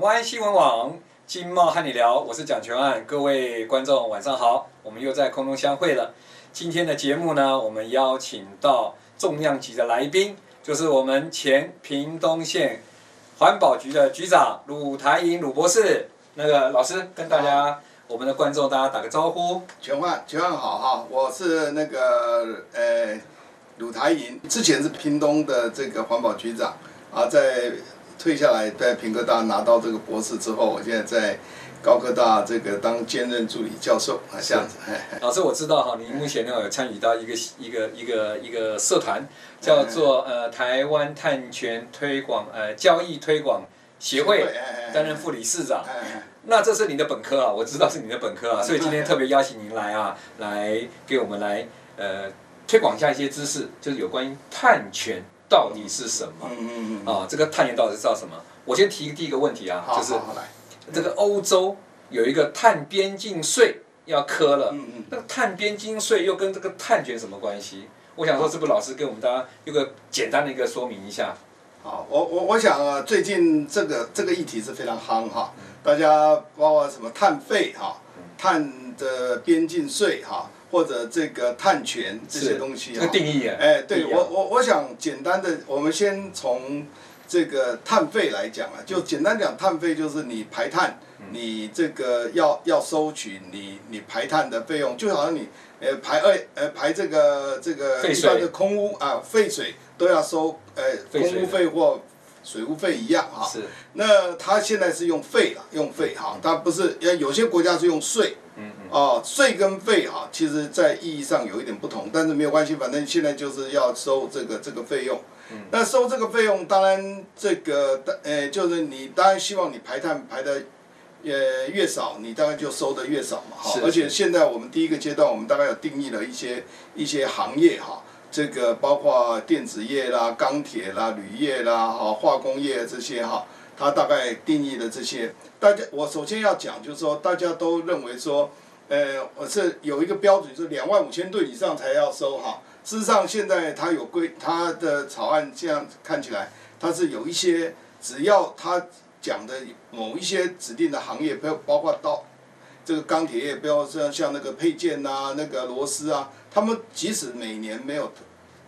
《灣新聞網》經貿瀚你聊，我是蔣權翰，各位觀眾晚上好，我們又在空中相會了。今天的節目呢，我們邀請到重量級的來賓，就是我們前屏東縣環保局的局長魯台營魯博士。那個老師跟大家，好我們的觀眾大家打個招呼。權翰，權翰好哈，啊，我是那個呃魯、欸、台營，之前是屏東的這個環保局長啊，在。退下來在屏科大拿到這個博士之後，我現在在高科大這個當兼任助理教授啊，這樣子。老師我知道哈，您目前呢有參與到一個、嗯、一個一個一個社團，叫做、嗯嗯、呃台灣碳權推廣呃交易推廣協會，擔、嗯嗯、任副理事長。嗯嗯嗯嗯、那這是你的本科啊，我知道是你的本科啊，所以今天特別邀請您來啊，來給我們來呃推廣一下一些知識，就是有關於碳權，到底是什麼？嗯嗯嗯、啊，這個碳權到底是造什麼？我先提第一個問題啊，好就是這個歐洲有一個碳邊境稅要課了，嗯嗯、那碳邊境稅又跟這個碳權什麼關係？我想說，是不是老師給我們大家有個簡單的一個說明一下？啊，我我我想最近這個這個議題是非常夯哈、啊，大家包括什麼碳費哈、碳、啊、的邊境稅哈、啊。或者這個碳權這些東西，這定義啊，哎、欸，對我我我想簡單的，我們先從這個碳費來講啊，就簡單講碳費就是你排碳，嗯、你這個要要收取你你排碳的費用，就好像你呃、欸、排二呃、欸、排這個這個排的空污啊、廢水都要收呃、欸、空污費或水污費一樣哈，是，那它現在是用費了用費哈，它不是，有些國家是用稅。哦，稅跟費啊，其實在意義上有一點不同，但是沒有關係，反正現在就是要收這個這個費用。嗯、那收這個費用，當然這個呃、欸，就是你當然希望你排碳排的呃越、越少，你當然就收的越少嘛。哈、哦，是是，而且現在我們第一個階段，我們大概有定義了一些一些行業哈、哦，這個包括電子業啦、鋼鐵啦、鋁業啦、哈、哦、化工業這些哈，它、哦、大概定義了這些。大家，我首先要講就是說，大家都認為說。呃，我是有一個標準，是兩萬五千噸以上才要收哈。事實上，現在它有規，它的草案這樣看起來，它是有一些，只要他講的某一些指定的行業，不要包括到這個鋼鐵業，不要像像那個配件吶、啊，那個螺絲啊，他們即使每年沒有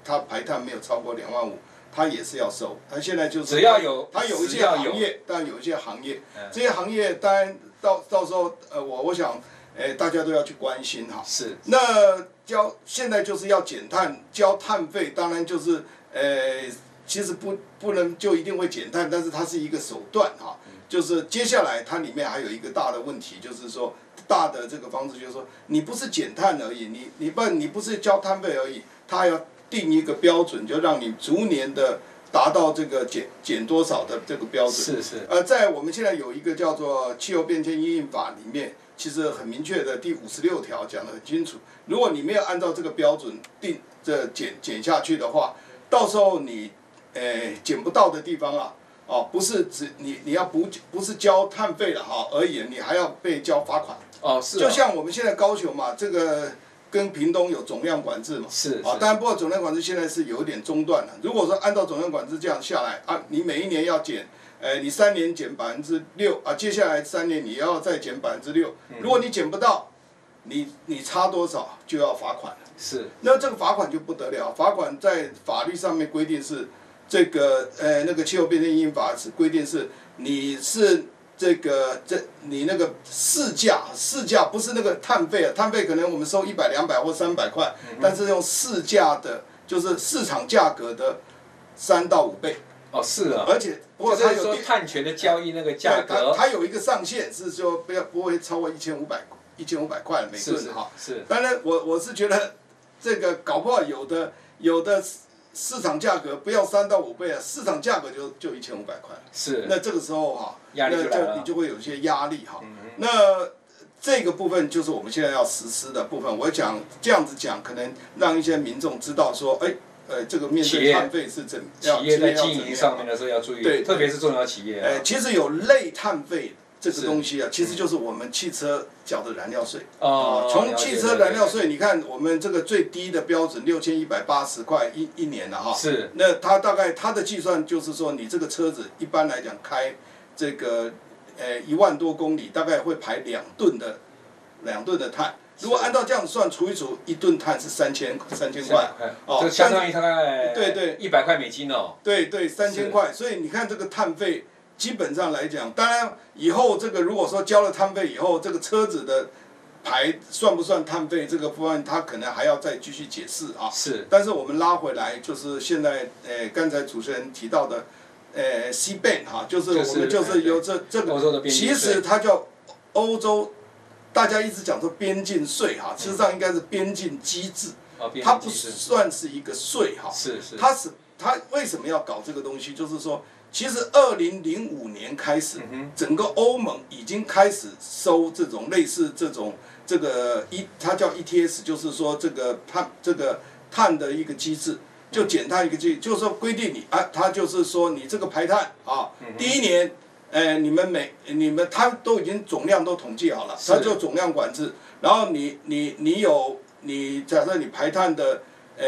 它排碳沒有超過兩萬五，他也是要收。他現在就是只要有他有一些行業，有但有一些行業，嗯、這些行業當然到到時候，呃，我我想。哎，大家都要去關心哈。是，是。那交現在就是要減碳，交碳費，當然就是，呃，其實不不能就一定會減碳，但是它是一個手段哈。就是接下來它裡面還有一個大的問題，就是說大的這個方式就是說，你不是減碳而已，你你不你不是交碳費而已，它要定一個標準，就讓你逐年的達到這個減減多少的這個標準。是是。呃，在我們現在有一個叫做《氣候變遷因應法》裡面。其實很明確的，第五十六條講得很清楚。如果你沒有按照這個標準定這減減下去的話，到時候你誒減、欸、不到的地方啊，哦，不是只你你要不不是交碳費了哈而已，你還要被交罰款。哦，是、啊。就像我們現在高雄嘛，這個跟屏東有總量管制嘛。是、是。啊、哦，當然不過總量管制現在是有點中斷了。如果說按照總量管制這樣下來啊，你每一年要減。哎，你三年減百分之六啊，接下來三年你要再減百分之六。如果你減不到，你你差多少就要罰款。是。那這個罰款就不得了，罰款在法律上面規定是這個，呃、哎、那個《氣候變成因因法》是規定是你是這個這你那個市價，市價不是那個碳費啊，碳費可能我們收一百兩百或三百塊，嗯嗯，但是用市價的，就是市場價格的三到五倍。哦，是啊，而且不過他有說碳權的交易那個價格，它有一個上限，是說不要不會超過一千五百一千五百塊每噸哈。是是。當然，我我是覺得這個搞不好有的有的市場價格不要三到五倍啊，市場價格就就一千五百塊了。是。那這個時候哈，壓力就來了。那就你就會有一些壓力哈。嗯、哼 那這個部分就是我們現在要實施的部分。我講這樣子講，可能讓一些民眾知道說，哎。呃，這個面對碳費是怎？企業在經營上面的時候要注意，對，對，對，特別是中小企業哎、啊呃，其實有類碳費這個東西啊，嗯、其實就是我們汽車繳的燃料稅哦，從汽車燃料稅，哦、你看我們這個最低的標準六千一百八十塊一一年的、啊、哈、啊。是。那他大概他的計算就是說，你這個車子一般來講開這個呃一萬多公里，大概會排兩噸的兩噸的碳。如果按照這樣算，除一除，一噸碳是三千三千塊，啊、哦，就相當於大概對對一百塊美金哦，對對、對三千塊，是所以你看這個碳費基本上來講，當然以後這個如果說交了碳費以後，這個車子的牌算不算碳費，這個方案他可能還要再繼續解釋啊。是，但是我們拉回來就是現在，呃，剛才主持人提到的，呃，CBAM 哈、啊，就是我們就是有這、就是、這個，對這個其實它叫歐洲。大家一直講說邊境稅哈、啊，事實上應該是邊境機制，嗯、它不算是一個稅哈、啊。是、哦、是。它是它為什麼要搞這個東西？就是說，其實二零零五年開始，嗯、哼整個歐盟已經開始收這種類似這種，這種這個一，它叫 ETS，就是說這個碳這個碳的一個機制，就減碳一個機制，嗯、哼就是說規定你啊，它就是說你這個排碳啊，嗯、哼第一年。哎，你們每你們它都已經總量都統計好了，是它就總量管制。然後你你你有你假設你排碳的，呃、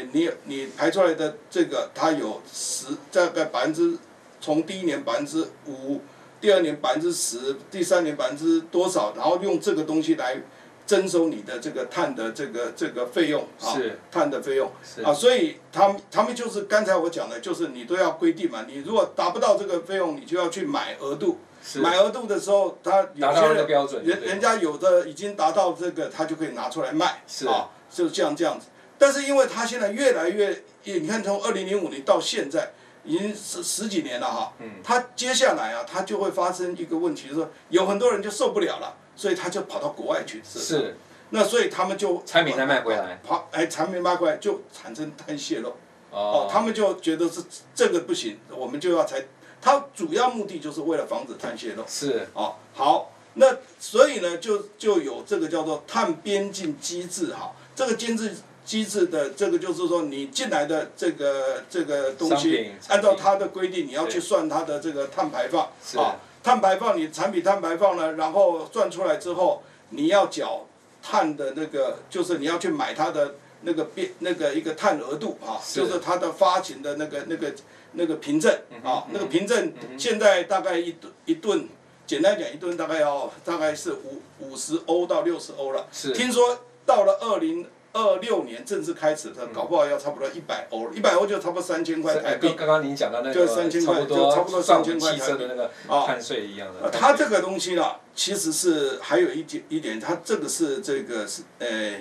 哎，你你排出來的這個它有十大概百分之，從第一年百分之五，第二年百分之十，第三年百分之多少，然後用這個東西來，徵收你的這個碳的這個這個費用啊，是。碳的費用啊，是。啊，所以他們他們就是剛才我講的，就是你都要規定嘛，你如果達不到這個費用，你就要去買額度。是。買額度的時候，他有些人人人家有的已經達到這個，他就可以拿出來賣啊。是。啊，就是這樣這樣子。但是因為他現在越來越，你看從二零零五年到現在已經十十幾年了哈。嗯。他接下來啊，他就會發生一個問題，就是說有很多人就受不了了。所以他就跑到國外去是，是，那所以他們就產品才賣回來，跑哎產品賣過來就產生碳洩漏，oh. 哦，他們就覺得是這個不行，我們就要才。它主要目的就是為了防止碳洩漏，是，哦好，那所以呢就就有這個叫做碳邊境機制哈、哦，這個監制機制的這個就是說你進來的這個這個東西，按照它的規定是你要去算它的這個碳排放，是。哦碳排放，你產品碳排放呢？然後算出來之後，你要繳碳的那個，就是你要去買它的那個變、那個、那個一個碳額度啊，是就是它的發行的那個那個那個憑證啊，那個憑證、那個憑證現在大概一噸一噸，簡單講一噸大概要大概是五五十歐到六十歐了。是，聽說到了二零。二六年正式開始，它搞不好要差不多一百歐，一百歐就差不多三千塊台幣。剛剛您講那個，就三千塊，就差不多三千塊台幣那個碳稅一樣的。它這個東西呢、啊，其實是還有一點一點，它這個是這個是哎，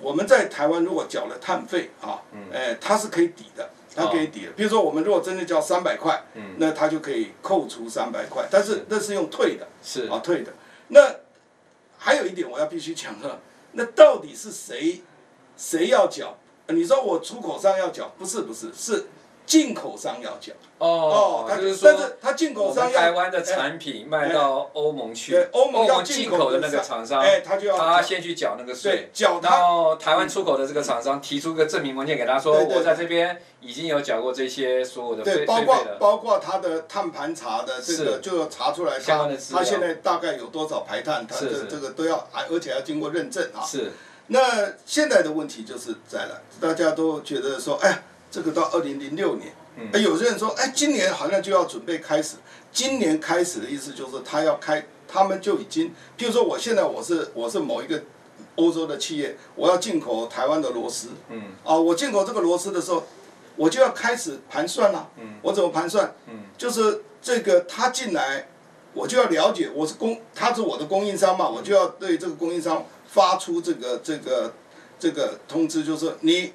我們在台灣如果繳了碳費啊，哎，它是可以抵的，它可以抵的。比如說我們如果真的交三百塊，那它就可以扣除三百塊，但是那是用退的，是啊退的。那還有一點我要必須強調那到底是誰？誰要繳？你說我出口商要繳？不是，不是，是。進口商要繳哦，他就是說進口商，台灣的產品賣到歐盟去，歐盟進口的那個廠商，他先去繳那個稅，然後台灣出口的這個廠商提出個證明文件給他說，我在這邊已經有繳過這些所有的稅，包括包括他的碳盤查的這個就要查出來，相關的資料，他他現在大概有多少排碳，他的這個都要，而且要經過認證啊。是那現在的問題就是在了，大家都覺得說，哎。這個到二零零六年，哎、嗯，有些人說，哎，今年好像就要準備開始。今年開始的意思就是他要開，他們就已經，譬如說我現在我是我是某一個歐洲的企業，我要進口台灣的螺絲，嗯，嗯啊，我進口這個螺絲的時候，我就要開始盤算啦，嗯、我怎麼盤算？嗯、就是這個他進來，我就要了解，我是供他是我的供應商嘛，嗯、我就要對這個供應商發出這個這個這個通知，就是你。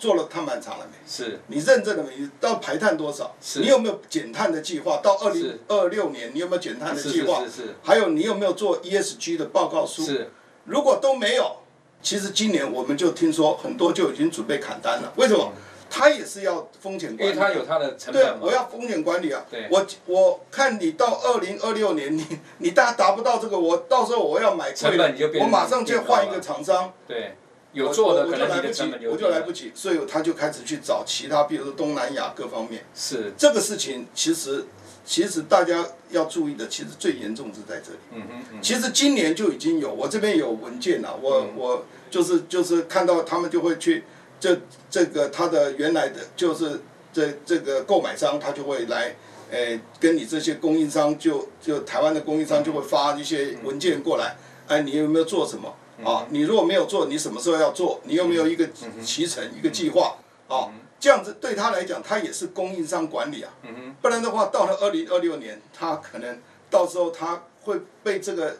做了碳盤查了沒？是。你認證了沒？到排碳多少？是。你有沒有減碳的計劃？到二零二六年你有沒有減碳的計劃？是是。還有你有沒有做 ESG 的報告書？是。如果都沒有，其實今年我們就聽說很多就已經準備砍單了。為什麼？他也是要風險管理。因為他有他的成本。對，我要風險管理啊。對。我我看你到二零二六年你你大家達不到這個，我到時候我要買成本你就變，我馬上就換一個廠商。對。有做的我,可能我就來不及，我就來不及，所以他就開始去找其他，比如說東南亞各方面。是。這個事情其實其實大家要注意的，其實最嚴重是在這裡。嗯嗯嗯。其實今年就已經有，我這邊有文件了、啊，我我就是就是看到他們就會去，這這個他的原來的就是這這個購買商他就會來，哎，跟你這些供應商就就台灣的供應商就會發一些文件過來，哎，你有沒有做什麼？啊、哦，你如果沒有做，你什麼時候要做？你有沒有一個期程、嗯嗯嗯嗯、一個計劃？啊、哦，嗯、這樣子對他來講，他也是供應商管理啊。嗯，嗯，不然的話，到了二零二六年，他可能到時候他會被這個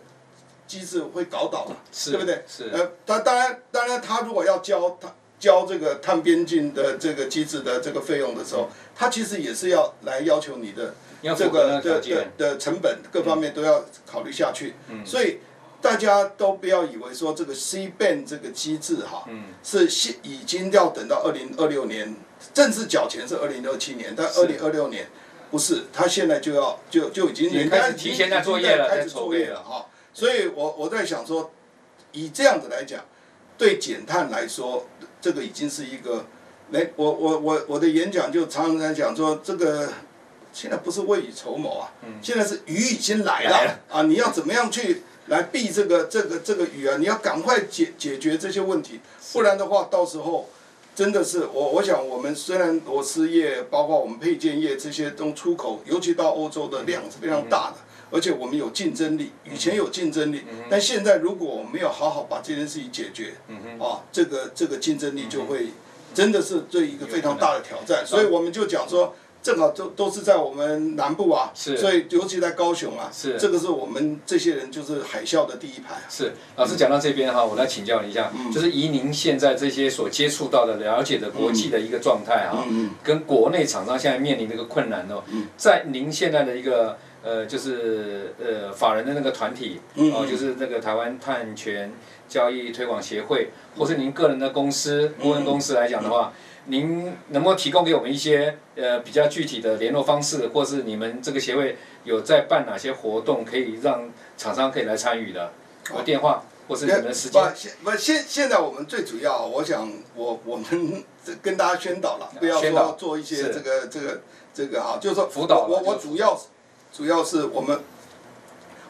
機制會搞倒了、啊，是對不對？是。是呃，他當然，當然，他如果要交他交這個碳邊境的這個機制的這個費用的時候，嗯、他其實也是要來要求你的這個的個的成本各方面都要考慮下去。嗯。所以。大家都不要以為說，這個 CBAM 這個機制哈，是已經要等到二零二六年正式繳錢，是二零二七年，但二零二六年不是，他現在就要就就已經也開始提前在作業了，開始作業了哈。所以，我我在想說，以這樣子來講，對減碳來說，這個已經是一個沒我我我我的演講就常常講說，這個現在不是未雨綢繆啊，現在是雨已經來了啊，你要怎麼樣去？來避這個這個這個雨啊！你要趕快解解決這些問題，是不然的話，到時候真的是我我想我們雖然螺絲業包括我們配件業這些都出口，尤其到歐洲的量是非常大的，嗯、哼而且我們有競爭力，嗯、哼以前有競爭力，嗯、哼但現在如果我們要好好把這件事情解決，嗯、哼啊，這個這個競爭力就會、嗯、哼真的是對一個非常大的挑戰，所以我們就講說。嗯正好都都是在我們南部啊，是，所以尤其在高雄啊，是，這個是我們這些人就是海嘯的第一排啊。是，老師講到這邊哈、啊，我來請教您一下，嗯、就是以您現在這些所接觸到的、了解的國際的一個狀態哈、啊，嗯嗯嗯、跟國內廠商現在面臨的一個困難哦，嗯、在您現在的一個呃，就是呃法人的那個團體、嗯、哦，就是那個台灣碳權交易推廣協會，或是您個人的公司顧問公司來講的話。嗯嗯嗯您能夠提供給我們一些呃比較具體的聯絡方式，或是你們這個協會有在辦哪些活動，可以讓廠商可以來參與的？我、哦、電話，啊、或是你們的時間。不，現現在我們最主要，我想我我們跟大家宣導了，不要說宣導做一些這個是這個這個哈、啊，就是說，輔導了。我我主要主要是我們。嗯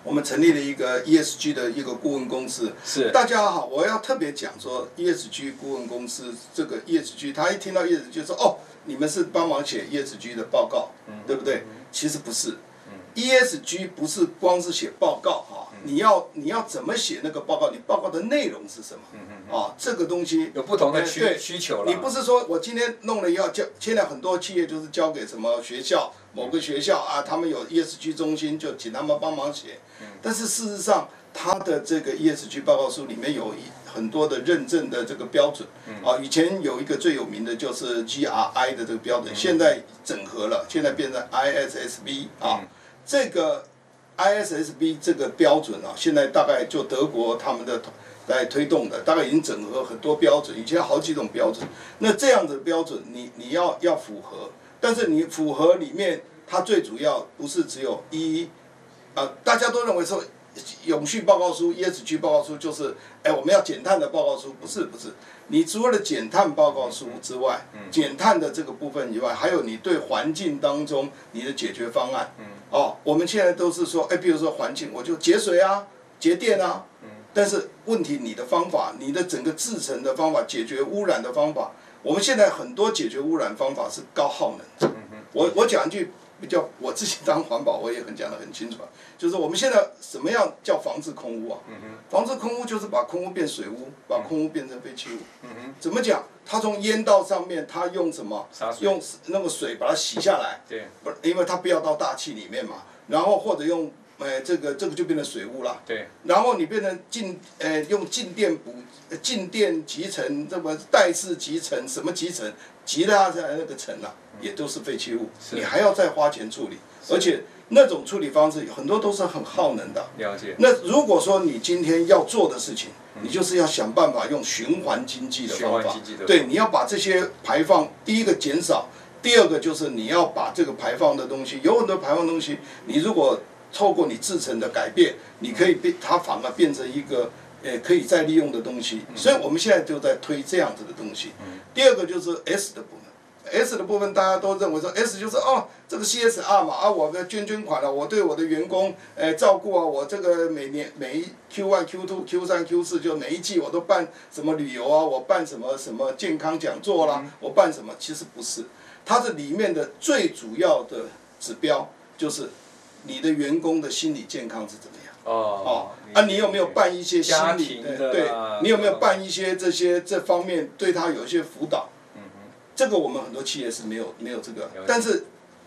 我們成立了一個 ESG 的一個顧問公司，是，大家好，我要特別講說 ESG 顧問公司這個 ESG，他一聽到 ESG 就說哦，你們是幫忙寫 ESG 的報告，嗯、對不對？嗯、其實不是、嗯、ESG 不是光是寫報告哈。你要你要怎麼寫那個報告？你報告的內容是什麼？嗯嗯、啊，這個東西有不同的需求對需求了。你不是說我今天弄了要交，現在很多企業就是交給什麼學校、嗯、某個學校啊，他們有 ESG 中心就請他們幫忙寫。嗯、但是事實上，他的這個 ESG 報告書裡面有很多的認證的這個標準。嗯、啊，以前有一個最有名的就是 GRI 的這個標準，嗯、現在整合了，現在變成 ISSB 啊，嗯、這個。ISSB 這個標準啊，現在大概就德國他們的來推動的，大概已經整合很多標準，以前好幾種標準。那這樣子的標準你，你你要要符合，但是你符合裡面，它最主要不是只有一，啊、呃，大家都認為說。永續報告書、椰子區報告書就是，哎、欸，我們要減碳的報告書不是不是，你除了減碳報告書之外，減碳的這個部分以外，還有你對環境當中你的解決方案。哦，我們現在都是說，哎、欸，比如說環境，我就節水啊，節電啊。但是問題，你的方法，你的整個製程的方法，解決污染的方法，我們現在很多解決污染方法是高耗能的。我我講一句。比較我自己當環保，我也很講得很清楚，就是我們現在什麼樣叫防治空污啊？嗯、哼防治空污就是把空污變水污，把空污變成廢棄物。嗯、哼怎麼講？它從煙道上面，它用什麼？水用那個水把它洗下來。對。不，因為它不要到大氣裡面嘛。然後或者用，呃，這個這個就變成水污了。對。然後你變成靜，呃，用靜電捕靜電集塵，這麼帶式集塵，什麼集塵集它在那個層了、啊。也都是廢棄物，是你還要再花錢處理，是而且那種處理方式很多都是很耗能的。了解。那如果說你今天要做的事情，嗯、你就是要想辦法用循環經濟的方法。方法。對。對你要把這些排放，第一個減少，第二個就是你要把這個排放的東西，有很多排放東西，你如果透過你製程的改變，嗯、你可以變，它反而變成一個呃可以再利用的東西。嗯、所以我們現在就在推這樣子的東西。嗯、第二個就是 S 的部分。S, S 的部分大家都認為說 S 就是哦，這個 CSR 嘛，啊，我的捐捐款了、啊，我對我的員工呃、欸、照顧啊，我這個每年每一 Q one Q two Q 三 Q 四就每一季我都辦什麼旅遊啊，我辦什麼什麼健康講座啦，嗯、我辦什麼，其實不是，它這裡面的最主要的指標就是你的員工的心理健康是怎麼樣哦，哦啊，天你有沒有辦一些心理的、啊、對，對，你有沒有辦一些這些、嗯、這方面對他有一些輔導。這個我們很多企業是沒有沒有這個，了解。但是，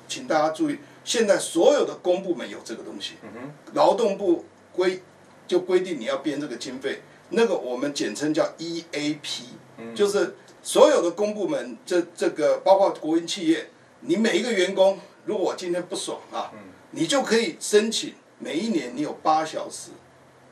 請大家注意，現在所有的公部門有這個東西，嗯哼、勞動部規就規定你要編這個經費，那個我們簡稱叫 EAP、嗯、就是所有的公部門，這這個包括國營企業，你每一個員工，如果我今天不爽啊，嗯、你就可以申請，每一年你有八小時，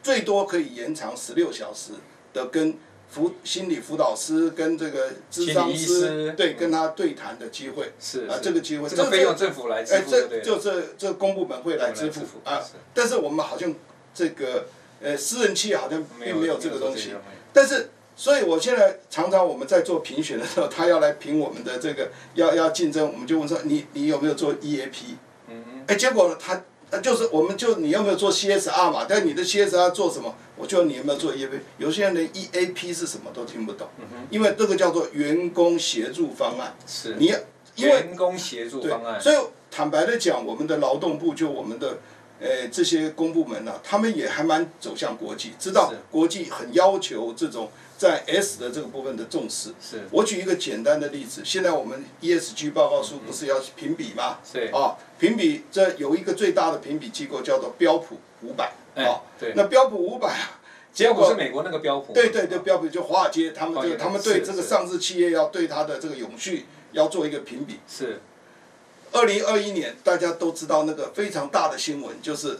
最多可以延長十六小時的跟。輔心理輔導師跟這個，諮商師,師對、嗯、跟他對談的機會，是,是啊這個機會，這個沒有政府來支付的，哎、欸、這就是這,這公部門會來支付,來支付啊，是但是我們好像這個呃私人企業好像並沒有這個東西，這個、但是所以我現在常常我們在做評選的時候，他要來評我們的這個要要競爭，我們就問說你你有沒有做 EAP，嗯嗯，哎、欸、結果他。那就是，我們就你有沒有做 CSR 嘛？但你的 CSR 做什麼？我就你有沒有做 EAP？有些人連、e、EAP 是什麼都聽不懂，因為這個叫做員工協助方案。是，你要因為員工協助方案。所以坦白的講，我們的勞動部就我們的。哎、呃，這些公部門呢、啊，他們也還蠻走向國際，知道是國際很要求這種在 S 的這個部分的重視。是，我舉一個簡單的例子，現在我們 ESG 報告書不是要評比嗎？嗯嗯是，啊、哦，評比這有一個最大的評比機構叫做標普五百、嗯。哎、哦，對，那標普五百啊，結果是美國那個標普。對對對，標普就華爾街他們對、這個，他們對這個上市企業要對他的這個永續要做一個評比是。是。是二零二一年，大家都知道那個非常大的新聞，就是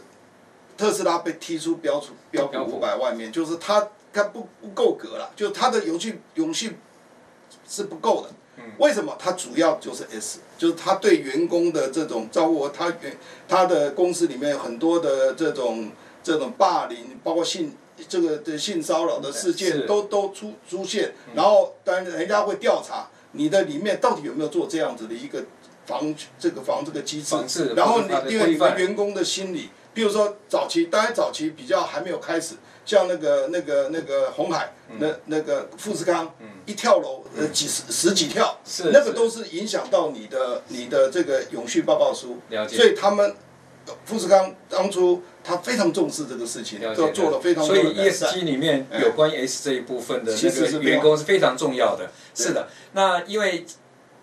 特斯拉被踢出標出標普五百外面，就是他他不不夠格了，就他的永續永續是不夠的。為什麼？他主要就是 S，嗯、就是他對員工的這種照顧，他，他的公司裡面很多的這種這種霸凌，包括性這個的、這個、性騷擾的事件、嗯、都都出出現，然後當然人家會調查你的裡面到底有沒有做這樣子的一個。防這個防這個機制，然後因為你們員工的心理，比如說早期當然早期比較還沒有開始，像那個那個那個鴻海，那那個富士康，一跳樓呃幾十十幾跳，那個都是影響到你的你的這個永續報告書。了解。所以他們富士康當初他非常重視這個事情，就做了非常多。所以 ESG 裡面有關於 S 這一部分的其實是員工是非常重要的。是的。那因為，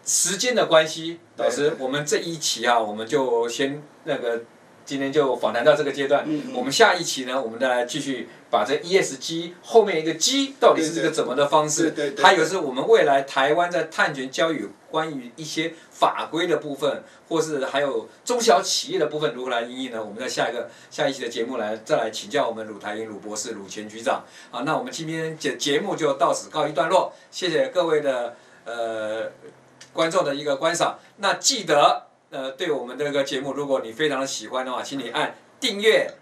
時間的關係，老師，我們這一期啊，我們就先那個，今天就訪談到這個階段。我們下一期呢，我們再來繼續把這 ESG 後面一個 G 到底是這個怎麼的方式？還有是我們未來台灣在碳權交易關於一些法規的部分，或是還有中小企業的部分如何來因應呢？我們在下一個下一期的節目來再來請教我們魯台營魯博士、魯前局長。好，那我們今天節節目就到此告一段落，謝謝各位的呃。觀眾的一個觀賞，那記得呃，對我們的那個節目，如果你非常的喜歡的話，請你按訂閱、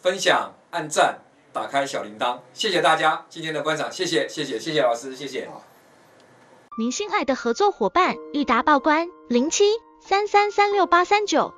分享、按讚、打開小鈴鐺，謝謝大家今天的觀賞，謝謝謝謝謝謝老師，謝謝。您信賴的合作夥伴，諭達報關，零七三三三六八三九。